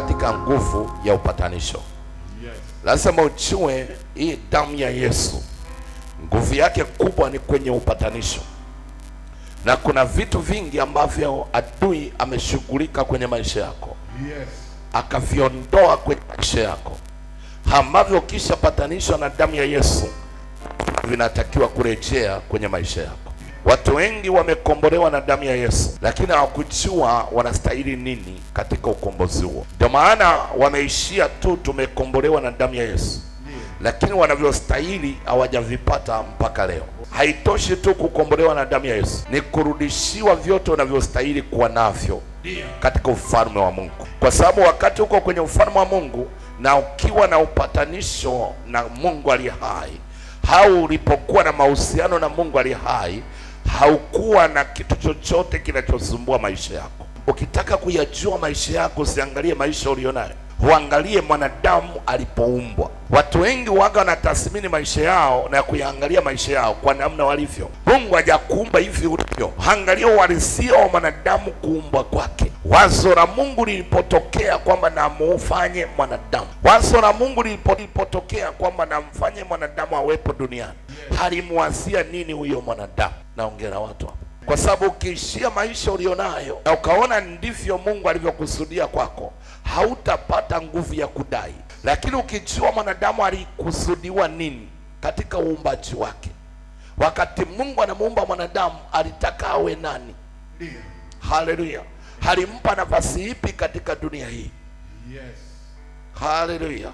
katika nguvu ya upatanisho. Lazima ujue hii damu ya Yesu nguvu yake kubwa ni kwenye upatanisho, na kuna vitu vingi ambavyo adui ameshughulika kwenye maisha yako akaviondoa kwenye maisha yako ambavyo kisha patanishwa na damu ya Yesu vinatakiwa kurejea kwenye maisha yako. Watu wengi wamekombolewa na damu ya Yesu, lakini hawakujua wanastahili nini katika ukombozi huo. Ndio maana wameishia tu, tumekombolewa na damu ya Yesu, lakini wanavyostahili hawajavipata mpaka leo. Haitoshi tu kukombolewa na damu ya Yesu, ni kurudishiwa vyote unavyostahili kuwa navyo katika ufalme wa Mungu, kwa sababu wakati uko kwenye ufalme wa Mungu na ukiwa na upatanisho na Mungu aliye hai, au ulipokuwa na mahusiano na Mungu aliye hai haukuwa na kitu chochote kinachosumbua maisha yako. Ukitaka kuyajua maisha yako, usiangalie maisha ulionayo, huangalie mwanadamu alipoumbwa. Watu wengi waga wanatathmini maisha yao na kuyaangalia maisha yao kwa namna walivyo. Mungu hajakuumba hivi ulivyo, angalia uhalisia wa mwanadamu kuumbwa kwake. Wazo la Mungu lilipotokea kwamba namufanye mwanadamu, wazo la Mungu lilipotokea kwamba namfanye mwanadamu awepo duniani, halimwazia nini huyo mwanadamu? naongera watu hapa, kwa sababu ukiishia maisha ulionayo na ukaona ndivyo Mungu alivyokusudia kwako, hautapata nguvu ya kudai. Lakini ukijua mwanadamu alikusudiwa nini katika uumbaji wake, wakati Mungu anamuumba mwanadamu alitaka awe nani? Ndiyo, haleluya! halimpa nafasi ipi katika dunia hii? Yes. Haleluya.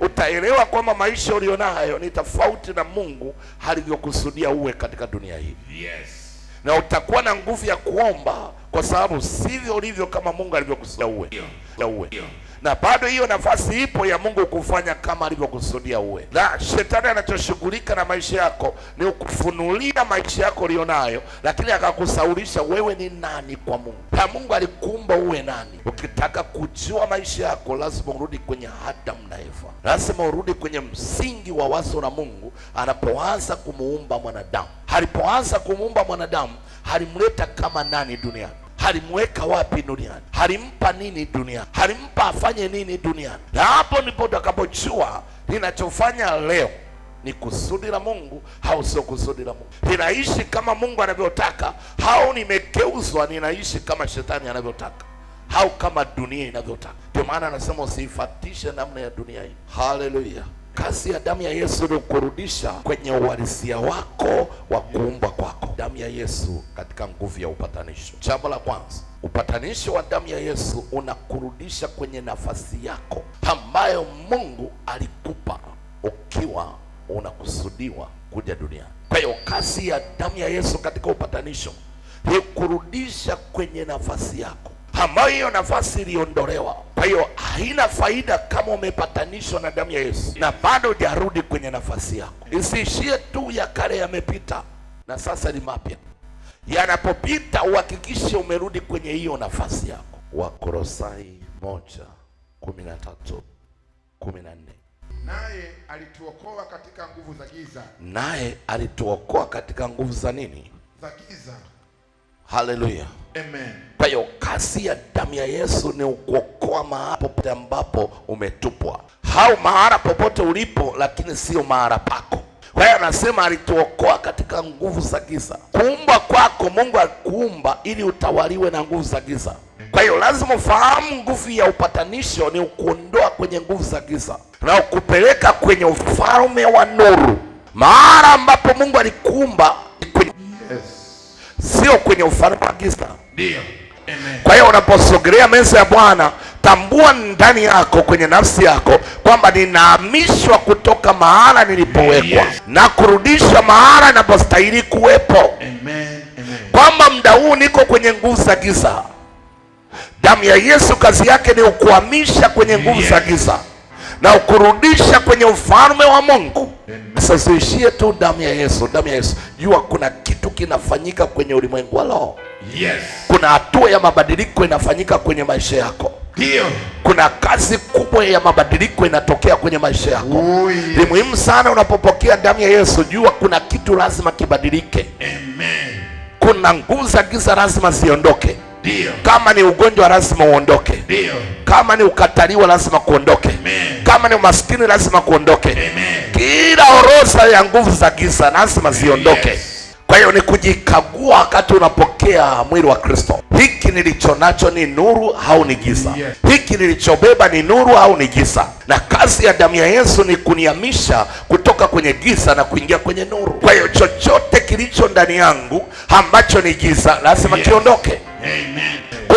Utaelewa kwamba maisha ulionayo ni tofauti na Mungu alivyokusudia uwe katika dunia hii. Yes. Na utakuwa na nguvu ya kuomba kwa sababu sivyo ulivyo kama Mungu alivyokusudia uwe. Yeah. uwe. Yeah na bado hiyo nafasi ipo ya Mungu kufanya kama alivyokusudia uwe. Na shetani anachoshughulika na maisha yako ni ukufunulia maisha yako ulionayo, lakini akakusaulisha wewe ni nani kwa Mungu, na Mungu alikuumba uwe nani. Ukitaka kujua maisha yako, lazima urudi kwenye Adamu na Eva, lazima urudi kwenye msingi wa wazo la Mungu anapoanza kumuumba mwanadamu. Alipoanza kumuumba mwanadamu, alimleta kama nani duniani? halimweka wapi duniani, halimpa nini duniani, halimpa afanye nini duniani. Na hapo ndipo utakapojua ninachofanya leo ni kusudi la Mungu au sio kusudi la Mungu. Ninaishi kama Mungu anavyotaka au nimegeuzwa, ninaishi kama shetani anavyotaka au kama dunia inavyotaka. Ndio maana anasema usiifatishe namna ya dunia hii. Haleluya! kazi ya damu ya Yesu ni kukurudisha kwenye uhalisia wako wa kuumbwa kwako. Damu ya Yesu katika nguvu ya upatanisho. Jambo la kwanza, upatanisho wa damu ya Yesu unakurudisha kwenye nafasi yako ambayo Mungu alikupa ukiwa unakusudiwa kuja duniani. Kwa hiyo kazi ya damu ya Yesu katika upatanisho ni kurudisha kwenye nafasi yako ambayo hiyo nafasi iliondolewa kwa hiyo haina faida kama umepatanishwa na damu ya Yesu na bado hujarudi kwenye nafasi yako. Isiishie tu ya kale yamepita, na sasa ni mapya yanapopita, uhakikishe umerudi kwenye hiyo nafasi yako. Wakolosai moja kumi na tatu kumi na nne naye alituokoa katika nguvu za giza. Naye alituokoa katika nguvu za nini? Za giza. Haleluya, amen. Kwa kazi ya damu ya Yesu ni ukuokoa mahala popote ambapo umetupwa, au mahala popote ulipo, lakini sio mahala pako. Kwa hiyo anasema alituokoa katika nguvu za giza. Kuumbwa kwako, Mungu alikuumba ili utawaliwe na nguvu za giza. Kwa hiyo lazima ufahamu nguvu ya upatanisho ni ukuondoa kwenye nguvu za giza na ukupeleka kwenye ufalme wa nuru, mahala ambapo Mungu alikuumba kwenye... yes. sio kwenye ufalme wa giza, ndio kwa hiyo unaposogelea meza ya Bwana, tambua ndani yako, kwenye nafsi yako kwamba ninahamishwa kutoka mahala nilipowekwa na kurudishwa mahala inapostahili kuwepo, kwamba muda huu niko kwenye nguvu za giza. Damu ya Yesu kazi yake ni kukuhamisha kwenye nguvu za giza na ukurudisha kwenye ufalme wa Mungu. Asiishie tu damu ya Yesu, damu ya Yesu. Jua kuna kitu kinafanyika kwenye ulimwengu wa roho. Yes. Kuna hatua ya mabadiliko inafanyika kwenye maisha yako. Ndio. Kuna kazi kubwa ya mabadiliko inatokea kwenye maisha yako. Ni Muhimu sana unapopokea damu ya Yesu, jua kuna kitu lazima kibadilike. Amen. Kuna nguvu za giza lazima ziondoke. Ndio. Kama ni ugonjwa lazima uondoke. Ndio. Kama ni ukataliwa, lazima kuondoke. Kama ni umaskini, lazima kuondoke. Kila orosa ya nguvu za giza lazima ziondoke. Yes. Kwa hiyo ni kujikagua wakati unapokea mwili wa Kristo. Hiki nilicho nacho ni nuru au ni giza? Yes. Hiki nilichobeba ni nuru au ni giza? Na kazi ya damu ya Yesu ni kuniamisha kutoka kwenye giza na kuingia kwenye nuru. Kwa hiyo chochote kilicho ndani yangu ambacho ni giza lazima yes, kiondoke. Amen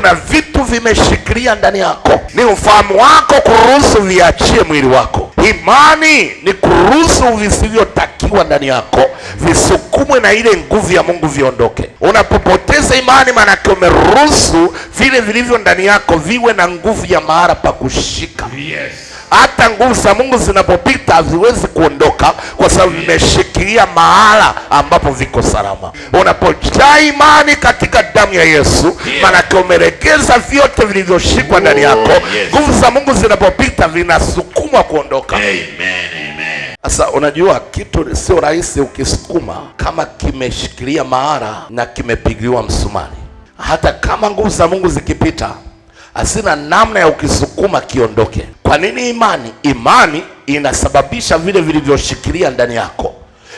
kuna vitu vimeshikilia ndani yako, ni ufahamu wako kuruhusu viachie mwili wako. Imani ni kuruhusu visivyotakiwa ndani yako visukumwe na ile nguvu ya Mungu viondoke. Unapopoteza imani, maanake umeruhusu vile vilivyo ndani yako viwe na nguvu ya mahara pa kushika. Yes, hata nguvu za Mungu zinapopita haziwezi kuondoka kwa sababu yes kuviachilia mahala ambapo viko salama. Unapojaa imani katika damu ya Yesu, maanake umeregeza vyote vilivyoshikwa ndani oh, yako. Nguvu za Mungu zinapopita vinasukumwa kuondoka. Amen. Sasa unajua kitu sio rahisi ukisukuma kama kimeshikilia mahala na kimepigiwa msumari. Hata kama nguvu za Mungu zikipita, hasina namna ya ukisukuma kiondoke. Kwa nini imani? Imani inasababisha vile vilivyoshikilia ndani yako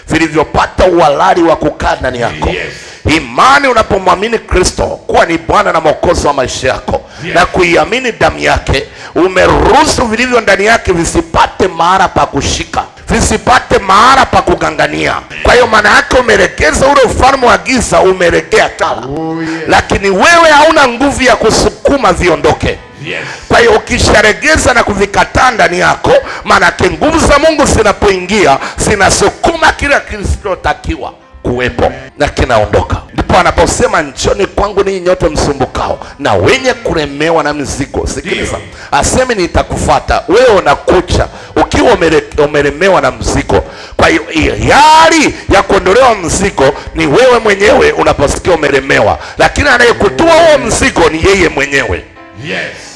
vilivyopata uhalali wa kukaa ndani yako yes. Imani unapomwamini Kristo kuwa ni Bwana na Mwokozi wa maisha yako yes. na kuiamini damu yake, umeruhusu vilivyo ndani yake visipate mahala pa kushika visipate mahala pa kugangania. Kwa hiyo maana yake umeregeza ule ufalme wa giza, umerekea tala. Oh, yeah. Lakini wewe hauna nguvu ya kusukuma viondoke. Yes. Kwa hiyo ukisharegeza na kuvikataa ndani yako, maanake nguvu za Mungu zinapoingia zinasukuma kila kilichotakiwa kuwepo na kinaondoka. Ndipo anaposema njoni kwangu ninyi nyote msumbukao na wenye kulemewa na mizigo Sikiliza, aseme nitakufuata wewe, unakucha ukiwa umelemewa na mzigo. Kwa hiyo hiari ya kuondolewa mzigo ni wewe mwenyewe unaposikia umelemewa, lakini anayekutua huo mzigo ni yeye mwenyewe. Yes.